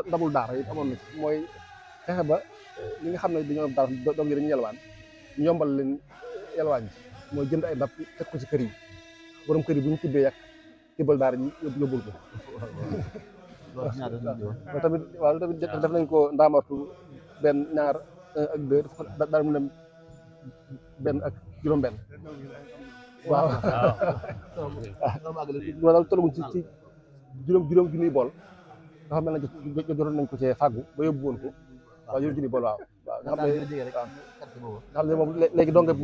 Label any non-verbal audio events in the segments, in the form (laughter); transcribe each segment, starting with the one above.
ndamul daara yi amoon mooy fexe ba li nga xam ne dañoo am daara doom yi dañuy yelwaan ñu yombal leen eh, yelwaan ji mooy jënd ay ndab teg ko ci kër yi borom kër yi bu ñu tibbee yàq tibbal daara ji yóbbul ko (laughs) loolu tamit tamit def nañ ko ndaamartu benn ñaar ak deux daal mu dem benn ak juróom-benn waaw waaw (laughs) loolu ci ci juróom juróom junniy bool dafa mel ne jotoon nañ ko cee fàggu ba yóbbu woon ko waaw yóbbu ci bool waaw waaw nga xam ne moom léegi donga bi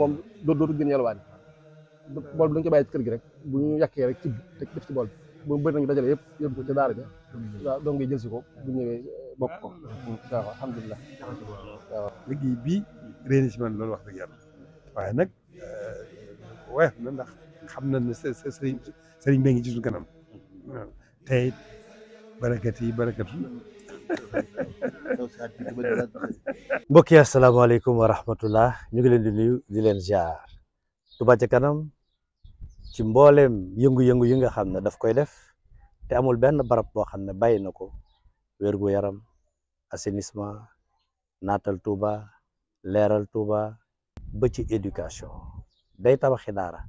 dañ ko bàyyi ci kër gi rek bu ñu yàkkee rek ci te ci bool bi bu bëri yëpp yóbbu ko ca daara ja waaw dong yi ko bu ñëwee eh, bokk ko waaw alhamdulilah waaw liggéey bii réeni si man waaye nag eh, woyof na xam na ne sëriñ sëriñ bee ngi ci suñu kanam mm-hmm. barakat yi barakat yi (laughs) mbokk yi wa rahmatullah ñu ngi leen di nuyu di leen ziar Touba ca kanam ci mbooleem yëngu-yëngu yi nga xam ne daf koy def te amul benn barab boo xam ne bàyyi na ko wérgu yaram assainissement naatal Touba leeral Touba ba ci éducation day tabaxi daara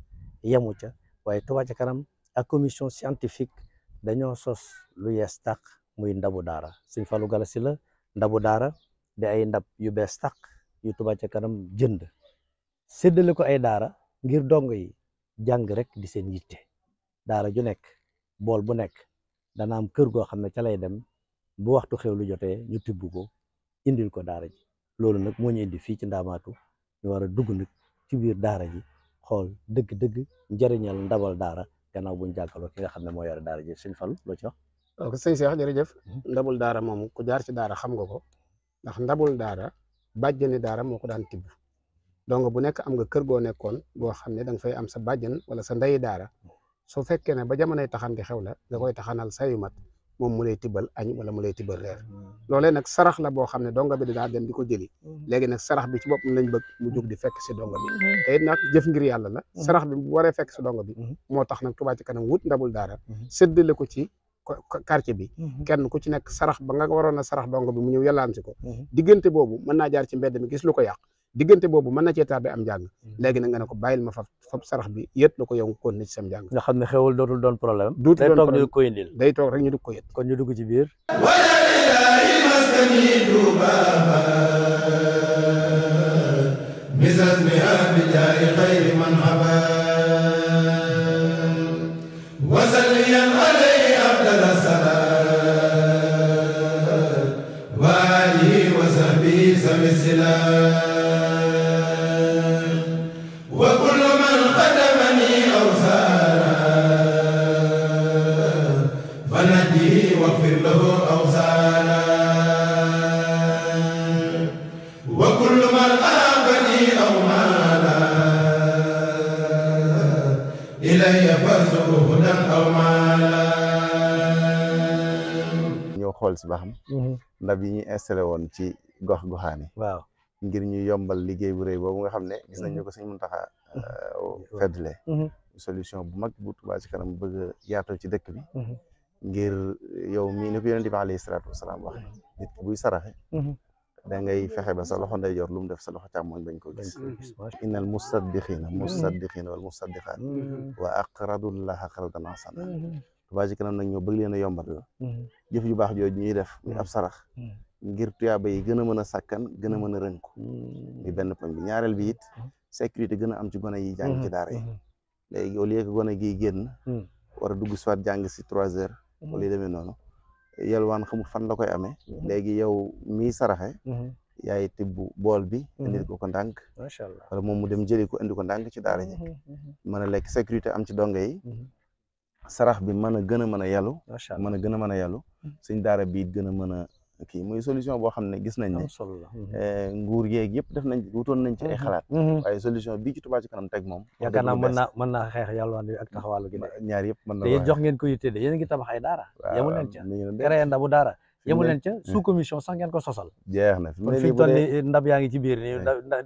yemu ca waaye Touba ci kanam ak commission scientifique dañoo sos lu yees tàq muy ndabu daara Sëñ Fallou Gala si la ndabu daara di ay ndab yu bees tàq yu Touba ca kanam jënd séddale ko ay daara ngir dong yi jàng rek di seen yitte daara ju nekk bool bu nekk dana am kër goo xam ne ca lay dem bu waxtu xew lu jotee ñu tibb ko indil ko daara ji loolu nag moo ñu indi fii ci ndaamaatu ñu war a dugg nag ci biir daara ji xool dëgg-dëgg njëriñal ndabal daara gannaaw bu ñu jàkkaarloo ki nga xam ne moo yore daara ji sëñ Fallu loo ci wax. ok sëñ Cheikh jërëjëf. Mhm. ndabul daara moom ku jaar ci daara xam nga ko ndax ndabul daara bàjjani daara moo ko daan tibb donc bu nekk am nga kër goo nekkoon boo xam ne da nga fay am sa bàjjan wala sa ndeyi daara mhm. su fekkee ne ba jamonoy taxan di xew la nga koy taxanal sayu mat moom mu lay tibbal añ wala mu lay tibbal reer hmm. loolee nag sarax la boo xam ne donga bi dinaa dem di ko jëli hmm. léegi nag sarax bi ci bopp lañ bëgg mu jóg di fekk si donga bi hmm. te it yàlla la sarax bi bu waree fekk si donga bi moo tax nag Touba ci kanam wut ndabul daara séddale ko ci quartier bi kenn ku ci nekk sarax ba nga waroon a sarax donga bi mu ñëw yàllaan si ko diggante boobu mën naa jaar ci mbedd mi gis lu ko yàq diggante boobu mën na cee tardé am njàng hmm. léegi nag nga ne ko bàyyil ma fa fab sarax bi yët la ko yow kon na ci sam njàng nga xam ne xewul dootul doon problème dootul doon problème day toog ñu ko indil day toog rek ñu dugg ko yët kon ñu dugg ci biir Bismillah xam mhm. ndab yi ñu installé woon ci gox goxaan waaw ngir ñu yombal liggéey bu rëy boobu nga xam ne gis nañ ñu mhm. ko sëñ Muntaxa mhm. euh, feddle solution bu mag bu Touba ci kanam bëgg a ci dëkk bi ngir yow mii ni ko yonent bi alayhi salaatu wasalaam wax nit ki buy saraxe da ngay fexe ba sa loxo ndeyjoor lu mu def sa loxo càmmoñ bañ koo gis innal musaddiqina musaddiqina wal musaddiqaat wa aqradullaha qardan hasana Touba Ca Kanam nag ñoo bëgg leen a yombal mm-hmm. jëf ju baax jooju ñuy def muy ab mm-hmm. sarax mm-hmm. ngir tuyaaba yi gën a mën a sakkan gën a mën a rënku muy benn poñ bi ñaareel bi it sécurité gën a am ci gone yi jàng ci daara yi léegi gone gi génn war dugg soit jàng si trois heures wala yu demee noonu yelwaan xamul fan la koy amee léegi yow mii saraxe yaay tibb bool bi indil ko ko ndànk macha allah moom mu dem jëli ko indi ko ndànk ci daara ñi mën a lekk sécurité am ci donga yi sarax bi mën a gën a mën bi it gën a mën a hmm. solution boo xam ne gis nañ ne hmm. eh, nguur yeeg yëpp def nañ wutoon nañ ci ay hmm. xalaat waaye solution bi ci Touba ci kanam teg moom yaakaar naa mën naa mën naa xeex yàlluwaan bi ak taxawaalu gi ñaar yëpp mën na jox ngeen ko yitte de yéen a ngi tabax ay daara yemu leen ca créé ndabu daara yemu leen ca hmm. sous commission sax ko sosal jeex na kon fi ñu toll ndab yaa ngi ci biir ni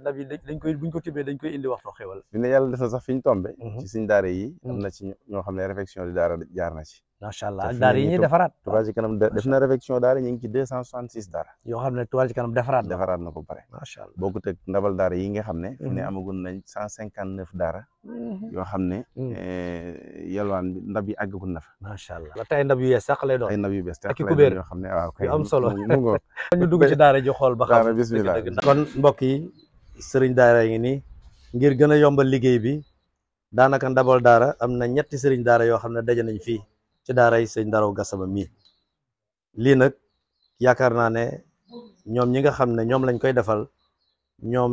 ndab yi dañ koy buñ ko tibbee dañ koy indi waxtu xewal fi ne yàlla def na sax fi ñu tombe mhm. ci suñ daara yi am mhm. na ci ñoo xam ne réflexion di daara jaar na macha allah daar daara yi ñuy defaraat. Touba Ca Kanam def na réfection daara ñu ngi ci deux cent soixante six daara. yoo xam ne Touba Ca Kanam defaraat na. defaraat na ko pare. macha allah bokkut ak ndabal daara yi nga xam ne. fu ne mhm. amagun nañ cent cinquante neuf daara. Mhm. yoo xam ne. Mhm. Eh, yalwaan bi ndab yi àggagul na fa. macha allah tey ndab yu bees sax lay doon. ay ndab yu bees sax yoo xam ne waaw kay am solo (laughs) ñu dugg ci daara ji xool ba xam. bismillah kon mbokk yi sëriñ daar yi ngi nii ngir gën a yombal liggéey bi daanaka ndabal daar am na ñetti sëriñ daara yoo xam ne daje nañ fii ci daaray sëñ Daraw Gassama mii lii nag yaakaar naa ne ñoom ñi nga xam ne ñoom lañ koy defal ñoom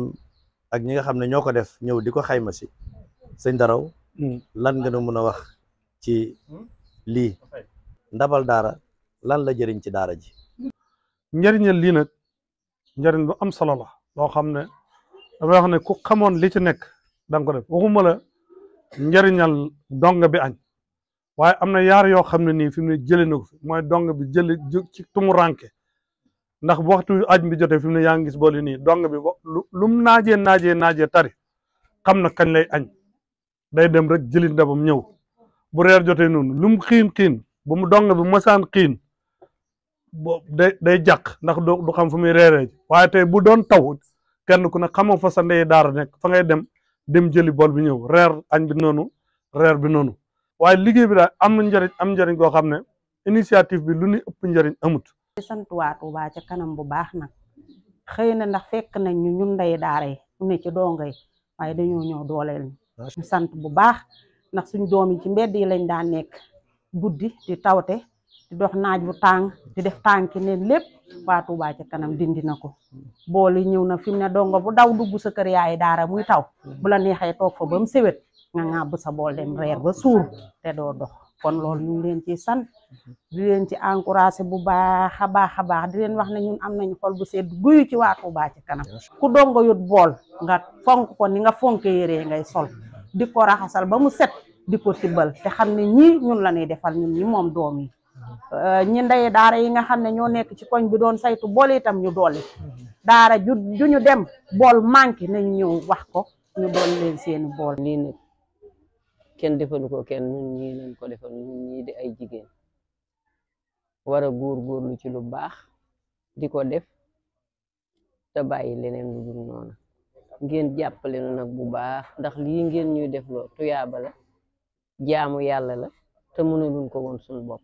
ak ñi nga xam ne ñoo ko def ñëw di ko xayma si sëñ Daraw hmm. lan nga nu mën a wax ci hmm? lii ndabal daara lan la jëriñ ci daara ji njëriñal lii nag njëriñ lu am solo la loo xam ne dafay wax ne ku xamoon li ci nekk da nga ko def waxuma la njëriñal donga bi añ waaye am na yaar yoo xam ne nii fi mu ne jëlee na ko fi mooy dong bi jëlee ci tumu ndax bu waxtu aj bi jotee fi mu ne yaa ngi gis boole nii dong bi lum naajee naajee naajee tari xam na kañ lay añ day dem rek jëli mu ñëw bu reer jotee noonu lum xiin xiin ba mu dong bi mosaan xiin bo day day jàq ndax du xam fu muy reere waaye te bu doon taw ken ku ne xamoo fa sa ndey daara nekk fa ngay dem dem jëli bool bi ñëw reer añ bi noonu reer bi noonu. waaye liggéey bi daal am na njëriñ am njëriñ koo xam ne initiative bi lu ñu ëpp njëriñ amut. di sant waa Touba ca kanam bu baax nag xëy na ndax fekk nañ ñu ñun ndey daara yi ñu ne ci donga yi waaye dañoo ñëw dooleel sant bu baax ndax suñ doom yi ci mbedd yi lañ daan nekk guddi di tawte di dox naaj bu tàng di def tànki neen lépp waa Touba ca kanam dindi na ko bool yi ñëw na fi mu ne dongo bu daw dugg sa kër yaay daara muy taw mm. bu la fa ba sewet nga ŋàbb sa bool reer ba suur te doo dox kon loolu ñu ngi leen ci mm-hmm. di leen ci encouragé bu baax xa baax a baax di leen wax na ñun am nañ xol bu sedd guyu ci waa Touba ci kanam ku dongo yut bool nga fonk ko ni nga fonke yére ngay sol di ko raxasal ba mu set di ko tibbal te xam ne ñii ñun la ñuy defal ñun ñi moom doom yi mm-hmm. ñi ndey daara yi nga xam ne ñoo nekk ci koñ bi doon saytu bool itam ñu dolli mm-hmm. daara ju ju ñu dem bool manqué nañu ñëw wax kenn defalu ko kenn nun ñi lañ ko defal nun ñii di ay jigéen wara a góorgóorlu ci lu baax di ko def te bàyyi leneen lu dul ngeen jàppale nu nag bu baax ndax lii ngeen ñuy def loo tuyaaba la jaamu yàlla la te mënaluñ ko woon suñu bopp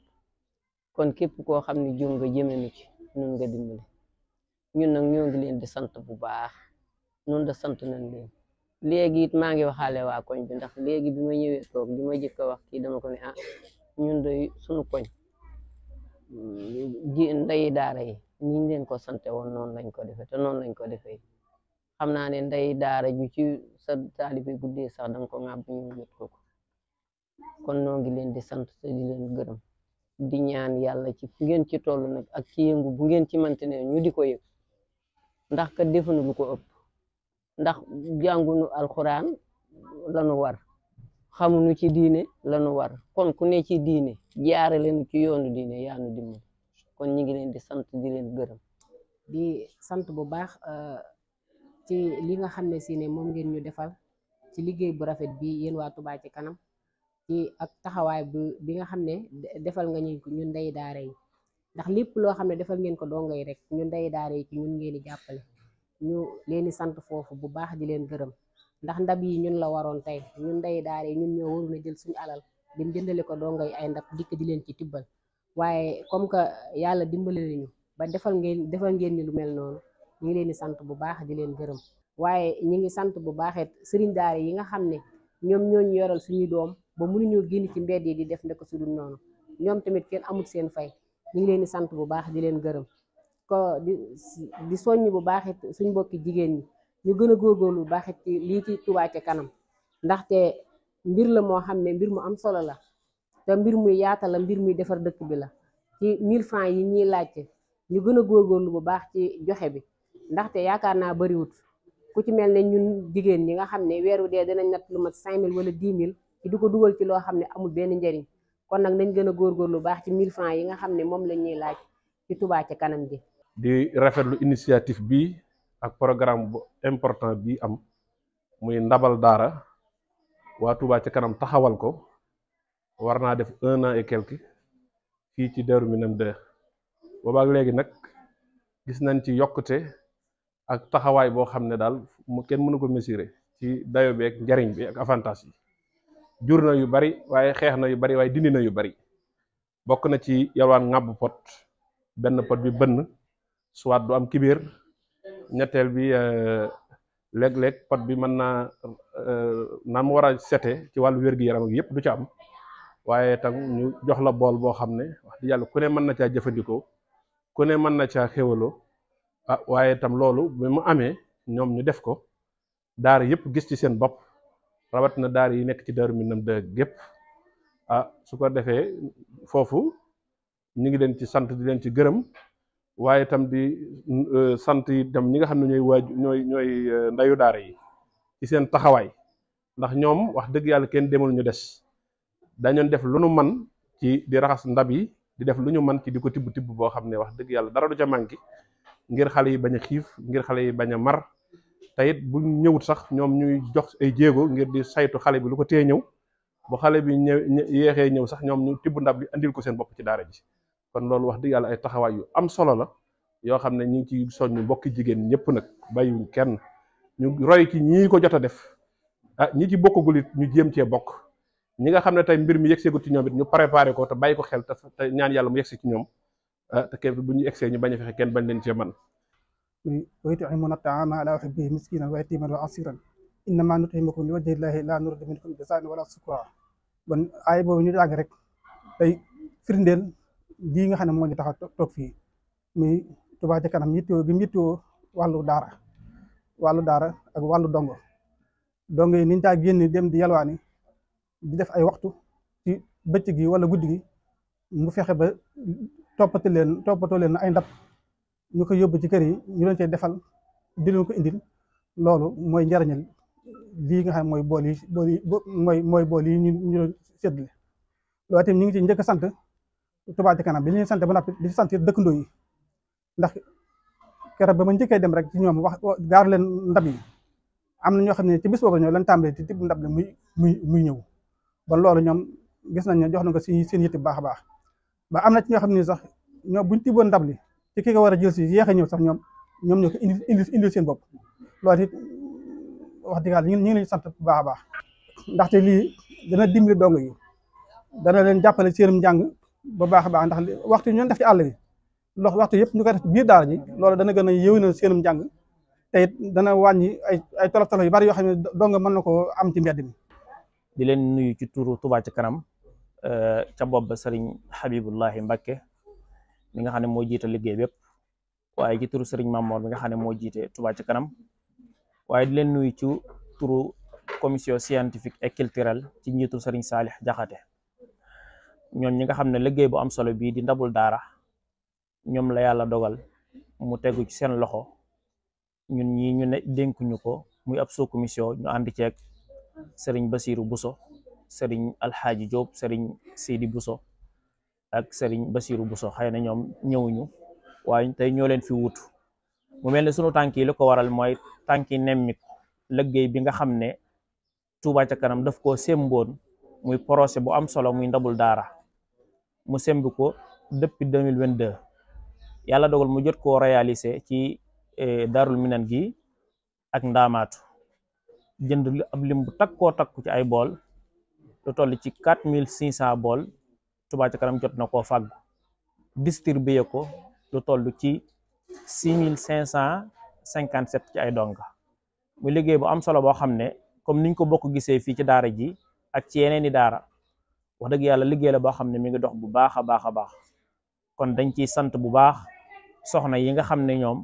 kon képp koo xam ne jóg nga jëme nu ci nun nga dimbali ñun nag ñoo ngi leen di sant bu baax nun da sant nañ leen léegi it maa ngi waxaale waa koñ bi ndax léegi bi ma ñëwee toog li ma jëkk wax kii dama ko ne ah, ñun doy suñu koñ ji nday daara yi niñ leen ko sante woon noonu lañ ko defe te noonu lañ ko defe xam naa ne nday daara ju ci sa taalibe guddee sax danga ko ŋàbb ñu yët ko ko kon noo ngi leen di sant te di leen gërëm di ñaan yàlla ci fu ngeen ci toll nag ak ci yëngu bu ngeen ci mante ne ñu di ko yëg ndax ka defuñu lu ko ëpp ndax jàngunu alxuraan lanu war xamuñu ci diine lanu war kon ku ne ci diine jaare leen ci yoonu diine yaanu dimbali kon ñu ngi leen di sant di leen gërëm di sant bu baax euh, ci li nga xam ne si ne moom ngeen ñu defal ci liggéey bu rafet bi yéen waa Touba ci kanam ci ak taxawaay bi bi nga xam ne defal nga ñu ñu ndey daara yi ndax lépp loo xam ne defal ngeen ko dongay rek ñu ndey daara yi ci ñun ngeen di jàppale ñu leen di sant foofu bu baax di leen gërëm ndax ndab yi ñun la waroon tey ñun ndey daare ñun ñoo waroon a jël suñu alal dem jëndale ko yi ay ndab dikk di leen ci tibbal waaye comme que yàlla dimbale nañu ba defal ngeen defal ngeen ni lu mel noonu ñu ngi leen di sant bu baax di leen gërëm waaye ñu ngi sant bu baaxet sëriñ daare yi nga xam ne ñoom ñooñu yoral suñuy doom ba mënuñoo génn ci mbedd yi di def ndek su dul noonu ñoom tamit kenn amul seen fay ñu ngi leen di sant bu baax di leen gërëm ko di di soññ bu baax it suñ jigéen ñi ñu gën a góorgóorlu bu baax ci li ci Touba ca kanam ndaxte mbir la moo xam ne mbir mu am solo la te mbir muy yaata la mbir muy defar dëkk bi la ci 1000 francs yi ñuy laajte ñu gën a góorgóorlu bu baax ci joxe bi ndaxte yaakaar naa bariwut ku ci mel ne ñun jigéen ñi nga xam ne weeru dee dinañ natt lu mat 5000 wala dix mille ci di ko dugal ci loo xam ne amul benn njëriñ kon nag nañ gën a góorgóorlu bu baax ci mille francs yi nga xam ne moom la ñuy laaj ci Touba ca kanam ji di rafetlu initiative bi ak programme bu important bi am muy ndabal daara waa Touba ci kanam taxawal ko war naa def un an et quelque fii ci Darou Minam 2 boobaak léegi nag gis nañ ci yokkute ak taxawaay boo xam ne daal kenn mënu ko mesurer ci dayo bi ak njariñ bi ak avantage yi jur na yu bari waaye xeex na yu bari waaye dindi na yu bari bokk na ci yalwaan ngàbb pot benn pot bi bënn soit du am kibir ñetteel bi euh, léeg-léeg pot bi mën naa euh, na mu war a sete ci wàllu wér-gu-yaram ak yëpp du ci am waaye tam ñu jox la bool boo xam ne wax dëgg yàlla ku ne mën na caa jëfandikoo ku ne mën na caa xéwaloo ah waaye tam loolu bi mu amee ñoom ñu def ko daara yëpp gis ci seen bopp rawat na daar yi nekk ci Daaru Minam de gépp ah su ko defee foofu ñu ngi leen ci sant di leen ci gërëm waaye itam di euh, sant itam ñi nga xam ne ñooy ñooy ñooy euh, ndayu daara yi ci seen taxawaay ndax ñoom wax dëgg yàlla kenn demul ñu des dañoon def lu nu man ci di raxas ndab yi di def lu ñu man ci di ko tibb tibb boo xam ne wax dëgg yàlla dara du ca manqué ngir xale yi bañ xiif ngir xale yi bañ a mar te it bu ñëwut sax ñoom ñuy jox ay jéego ngir di saytu xale bi lu ko tee ñëw bu xale bi ñëw yeexee ñëw sax ñoom ñu tibb ndab bi indil ko seen bopp ci daara ji kon loolu wax dëgg yàlla ay taxawaay yu am solo la yoo xam ne ñu ngi ciy soññ mbokki jigéen ñëpp nag bàyyiwuñ kenn ñu roy ci ñii ko jot a def ah ñi ci bokkagul it ñu jéem cee bokk ñi nga xam ne tey mbir mi yegseegul ci ñoom it ñu préparé ko te bàyyi ko xel te ñaan yàlla mu yegsi ci ñoom ah te kenn bu ñu yegsee ñu bañ a fexe kenn bañ leen cee man wa yut'imuna at-ta'ama ala hubbihi miskinan wa yatiman wa asiran innama nut'imukum li wajhi llahi la nuridu minkum jazaan wala shukura bon aay boobu ñu jàng rek tey firndeel lii nga xam ne moo ñu tax a toog fii muy Touba Ca Kanam yittewoo gi mu yittewoo wàllu daara wàllu daara ak wàllu dongo dongo yi niñ taa génn dem di yalwaani di def ay waxtu ci bëcc gi wala guddi gi mu fexe ba toppatoo leen toppatoo leen ay ndab ñu ko yóbbu ci kër yi ñu leen cee defal di ko indil loolu mooy njariñal lii nga xam mooy bool yi mooy bool yi ñu ñu séddale loolu itam ñu ngi ci njëkk sant Touba Ca Kanam bi ñuy sante ba noppi di sant dëkkandoo yi ndax keroog ba ma njëkkee dem rek ci ñoom wax gaar leen ndab yi am na ñoo xam ne ci bis boobu ñoo leen tàmbalee ci tib ndab muy muy muy ñëw ba loolu ñoom gis nañ ne jox na ko si seen yitte bu baax a baax ba am na ci ñoo xam ne sax ñoom buñ tiboon ndab li ci ki war a jël si yéex a ñëw sax ñoom ñoom ñoo ko indi indi indi seen bopp loolu it wax dëgg yàlla ñu ngi sant bu baax a baax ndaxte lii dana dimbali dong yi dana leen jàppale seenum njàng ba baax a baax ndax waxtu ñoon def ci àll bi lox waxtu yëpp ñu koy def biir daara ji loolu dana gën a yéwénal seenum njàng dana wàññi ay ay tolof tolof yu bari yoo xam ne dong mën na koo am ci mbedd mi di leen nuyu ci turu Touba ci kanam euh, ca bopp ba sëriñ Habibullahi Mbakke mi nga xam ne moo jiite liggéey bépp waaye ci turu sëriñ Mamor mi nga xam ne moo jiite Touba ci kanam waaye di leen nuyu ci turu commission scientifique et culturelle ci njiitu sëriñ Saalix Jaxate ñoom ñi nga xam ne liggéey bu am solo bii di ndabul daara ñoom la yàlla dogal mu tegu ci seen loxo ñun ñi ñu ne dénkuñu ko muy ab sous commission ñu ànd ceeg sëriñ Basiru Buso sëriñ Alxaaji Jóob sëriñ Sidi Buso ak sëriñ Basiru Buso xëy na ñoom ñëwuñu waaye tey ñoo leen fi wutu mu mel ne sunu tànk yi li ko waral mooy tànki nemmiku liggéey bi nga xam ne Touba ca kanam daf koo sémboon muy projet bu am solo muy ndabul daara mu semb ko depuis 2022 yàlla dogal mu jot koo réaliser ci eh, daarul minan gi ak ndaamaatu jënd ab lim bu takkoo takku ci ay bool lu toll ci quatre mille cinq cent bool Touba ci Kanam jot na koo fàggu distribué ko lu toll ci six mille cinq cent cinquante sept ci ay donga mu liggéey bu am solo boo xam ne comme niñ ko bokk gisee fii ci daara ji ak ci yeneen i daara wax dëgg yàlla liggéey la boo xam ne mi ngi dox bu baax a baax a baax kon dañ ciy sant bu baax soxna yi nga xam ne ñoom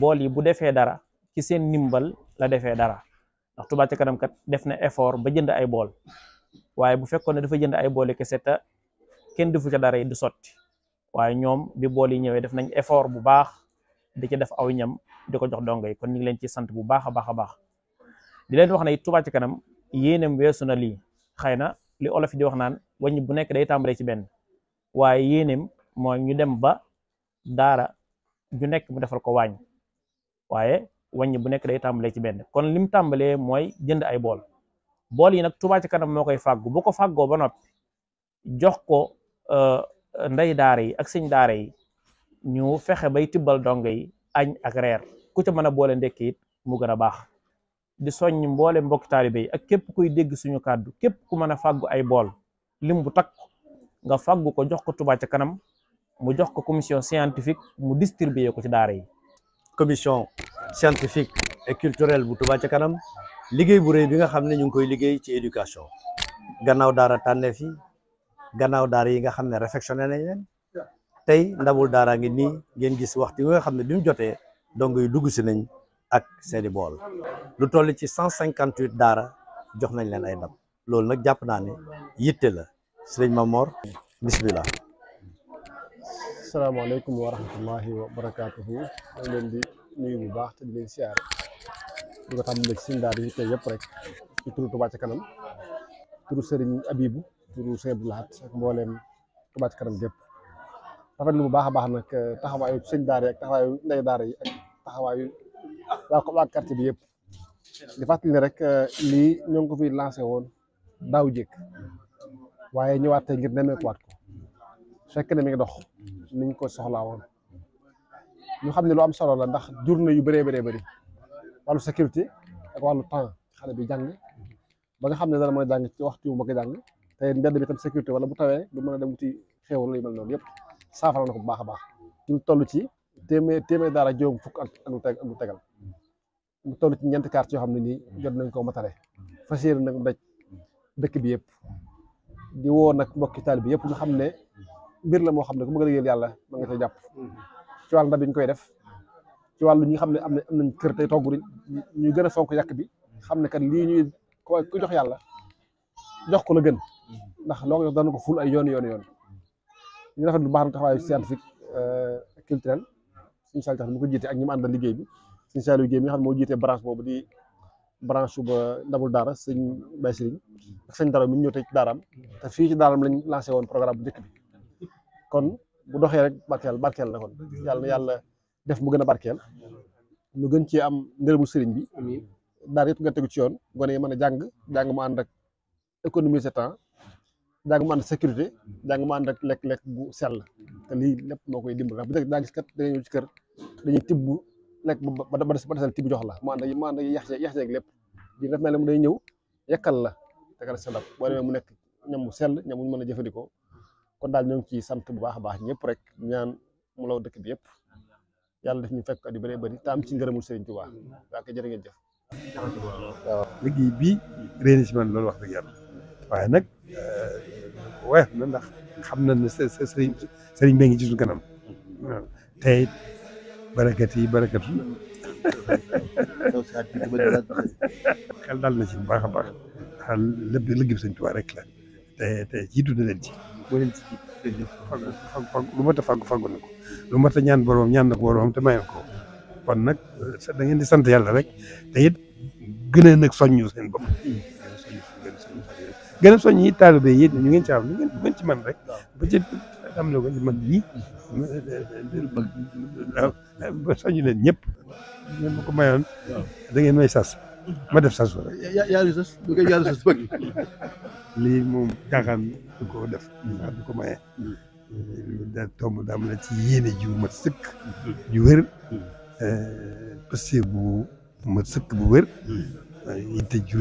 bool yi bu defee dara ci seen ndimbal la defee dara ndax Touba ca kanam kat def na effort ba jënd ay bool waaye bu fekkoon ne dafa jënd ay bool yi kese te kenn defu ca dara yi du sotti waaye ñoom bi bool yi ñëwee def nañ effort bu baax di ci def aw ñam di ko jox dongo yi kon ñu lañ leen ci sant bu baax a baax a baax di leen wax na lii xëy na li olof di wax naan wàññi bu nekk day tàmbalee ci benn waaye yéeneem mooy ñu dem ba daara ñu nekk mu defal ko wàññ waaye wàññi bu nekk day tàmbalee ci benn kon lim tàmbalee mooy jënd ay bool bool yi nag Touba Ca Kanam moo koy fàggu bu ko fàggoo ba nopp jox ko euh, ndey daara yi ak sëñ daara yi ñu fexe bay tibbal dongo yi añ ak reer ku ca mën a boole ndekki mu gën a baax di soññ mboole mbokki taalibe yi ak képp kuy dégg suñu kàddu képp ku mën a fàggu ay bool lim bu takk nga fàggu ko jox ko tubaat ca kanam mu jox ko commission scientifique mu distribuer ko ci daara yi. commission scientifique et culturelle bu Touba ca kanam liggéey bu rëy bi nga xam ne ñu ngi koy liggéey ci éducation gannaaw daara tànneef fi gannaaw daara yi nga xam ne réfectionné nañ leen tey ndabul daara ngi nii ngeen gis waxtu yi nga xam ne bi mu jotee dong yu dugg si nañ. ak seeni bool lu toll ci cent cinquante huit daara jox nañ leen ay ndab loolu nag jàpp naa ne yitte la ma Mamor bismillah asalaamaaleykum wa rahmatullahi wa barakaatuhu ma leen di nuyu bu baax te di leen siyaare ñu ko tàmbalee ci suñu daara yi yëpp rek ci turu Touba ca kanam turu sëriñ Abibu turu sëriñ Abdou Lahat ak mbooleem Touba ca kanam gépp baax a baax nag eh, taxawaayu sëñ daara yi ak taxawaayu ndey daara yi ak taxawaayu waa ko waa quartier bi yëpp di fàttali rek euh, lii ñoo ngi ko fi lancé woon daaw jëkk waaye ñëwaat tey ngir waat ko fekk ne mi ngi dox niñ ko soxlaa woon ñu xam ne lu am solo la ndax jur na yu bëree bëree bari wàllu sécurité ak wàllu temps xale bi jàng ba nga xam ne dana mën jàng ci waxtu yu bëgg a jàng te mbedd bi tam sécurité wala bu tawee du mën a dem wuti xéewal yu mel noonu yëpp saafara na ko bu baax a baax ñu toll ci téeméer téeméer daara juróom fukk ak ak lu tegal mu toll ci ñeenti carte yoo xam ne nii jot nañ koo matale fas yéene nag daj dëkk bi yëpp di woo nag mbokki taalibe bi yëpp ñu xam ne mbir la moo xam ne ku bëgg a liggéeyal yàlla ma nga cay jàpp ci wàllu ndab yi ñu koy def ci wàllu ñu xam ne am am nañ kër tey togg ñu gën a fonk yàq bi xam ne kat lii ñuy ku jox yàlla jox ko la gën ndax loo ko jox dana ko ful ay yoon yoon yoon ñu rafet lu baax na taxawaayu scientifique euh, culturel suñu Saliou Diakhate mu ko jiite ak ñi mu àndal liggéey bi suñu Saliou Guèye mi nga xam ne moo jiite branche boobu di branche su ba ndabul daara sëñ Baye Sëriñ ak sëñ Daro mi ñu ñëw tey ci daaraam te fii ci daaraam lañu lancé woon programme bu njëkk bi kon bu doxee rek barkeel barkeel la kon yàlla yàlla def mu gën a barkeel ñu gën cee am ngërëmu sëriñ bi daara yëpp nga tegu ci yoon gone mën a jàng jàng mu ànd ak économiser temps jàng mu ànd sécurité jàng mu ànd ak lekk-lekk sell te lii lépp moo koy dimbal bu njëkk daa gis kat dañuy ñëw ci kër dañuy tibb lekk ba ba des ba desal tibb jox la mu ànd ak mu ànd ak yax yax yeeg lépp di def mel ne mu day ñëw yekkal la tegal sa ndab boo demee mu nekk ñam mu sell ñam mu mën a jëfandikoo kon daal ñoo ngi ciy sant bu baax a baax ñëpp rek ñaan mu law dëkk bi yëpp yàlla def ñu fekk at yu bëree bëri te am ci ngërëmul Sëriñ Tuubaa waa ko jërë ngeen jëf bi liggéey bii réunissement loolu wax dëgg yàlla woyof na ndax xam na ne sëriñ sëriñ bee ci suñu kanam waaw tey barakat yi barakat (laughs) dal na ci bu baax a baax xel lépp liggéey bi sëñ Tuubaa rek la te te jiitu na leen ci lu ma a fag fàggu na ko lu mat a ñaan boromam ñaan na ko boromam te mayoon ko kon nag da ngeen di sant yàlla rek te it gën a nag soññu seen bopp mm. gën a soññ yi taalibe yi ñu ngeen ci am lu ngeen ci man rek ba ci am la ko ci man yii ba soññ leen ñëpp ñun ma ko mayoon da ngeen may sas ma def sas wala yàlla sas du koy yàlla sas moom caaxaan du ko def caaxaan mm. du ko mm. Mm. da tomb daam la ci yéene jiw ma sëkk ju wér eh, parce que bu mat bu wér yitte ju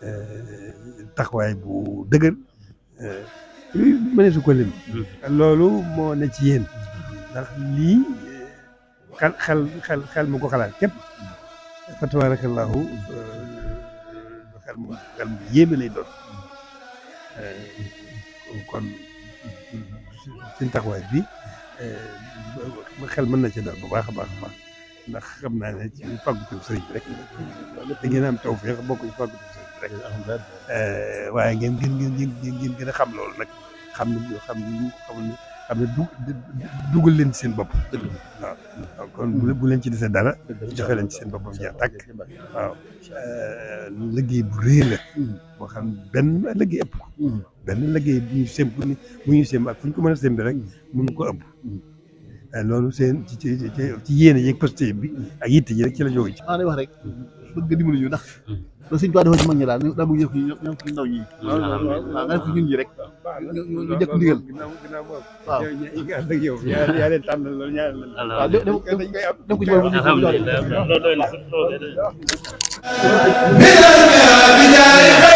Euh, taxawaay bu dëgër luy euh, mëne su hmm. loolu moo ne ci yéen lii xel xel xel xel mu ko xalaat képp fa tabarakallahu euh, xel mu xel mu doon kon suñ taxawaay bi xel mën na ci daal bu baax a baax a baax ndax naa ne ci fàggu sëriñ bi rek da ngeen am taw feex bokk ci fàggu sëriñ rek eh, waaye ngeen ngeen ngeen ngeen gën a xam loolu nag xam ne xam ne xam xam ne du dugal leen seen bopp. waaw kon bu leen ci dese dara. joxe leen ci seen boppam jeex tàkk waaw eh, liggéey bu rëy hmm. xam benn liggéey ëpp. Hmm. benn liggéey bu ñu sémb bu ñu a ak ko mën a sémb rek mun hmm. ko ëpp. Eh, loolu seen ci ci ci yéene yeeg posté bi ak yitte ji rek ci la ci. wax rek. bëgg nga dimbali ñu ndax da suñ tuwi dafa ci mag ñi daal daa bëgg yëf ñu ñoom suñu ndaw ñi waaw nga def ñun ñi rek ñu jëkk ndigal waaw yaa leen tànn loolu ñaar waaw def ko ci boobu alhamdulillah loolu doy na